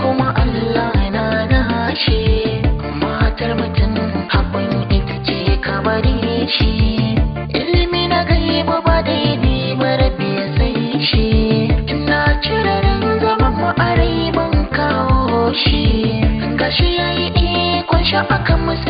kuma Allah na na hashe matar mutum abin ita ce ka shi ilimi na gaiba ba daidai ba rabi ya sai shi ina cire zaman mu ban kawo shi gashi yayi ikon sha akan musu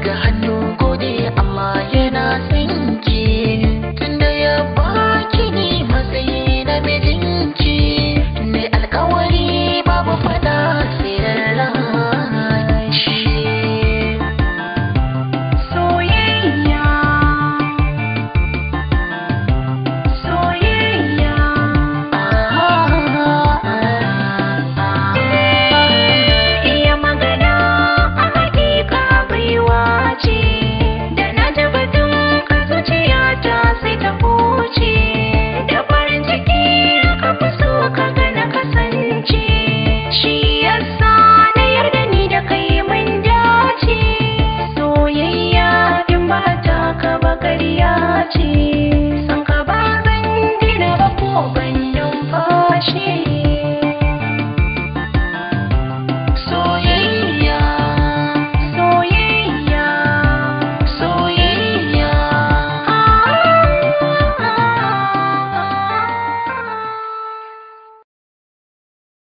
daga hannu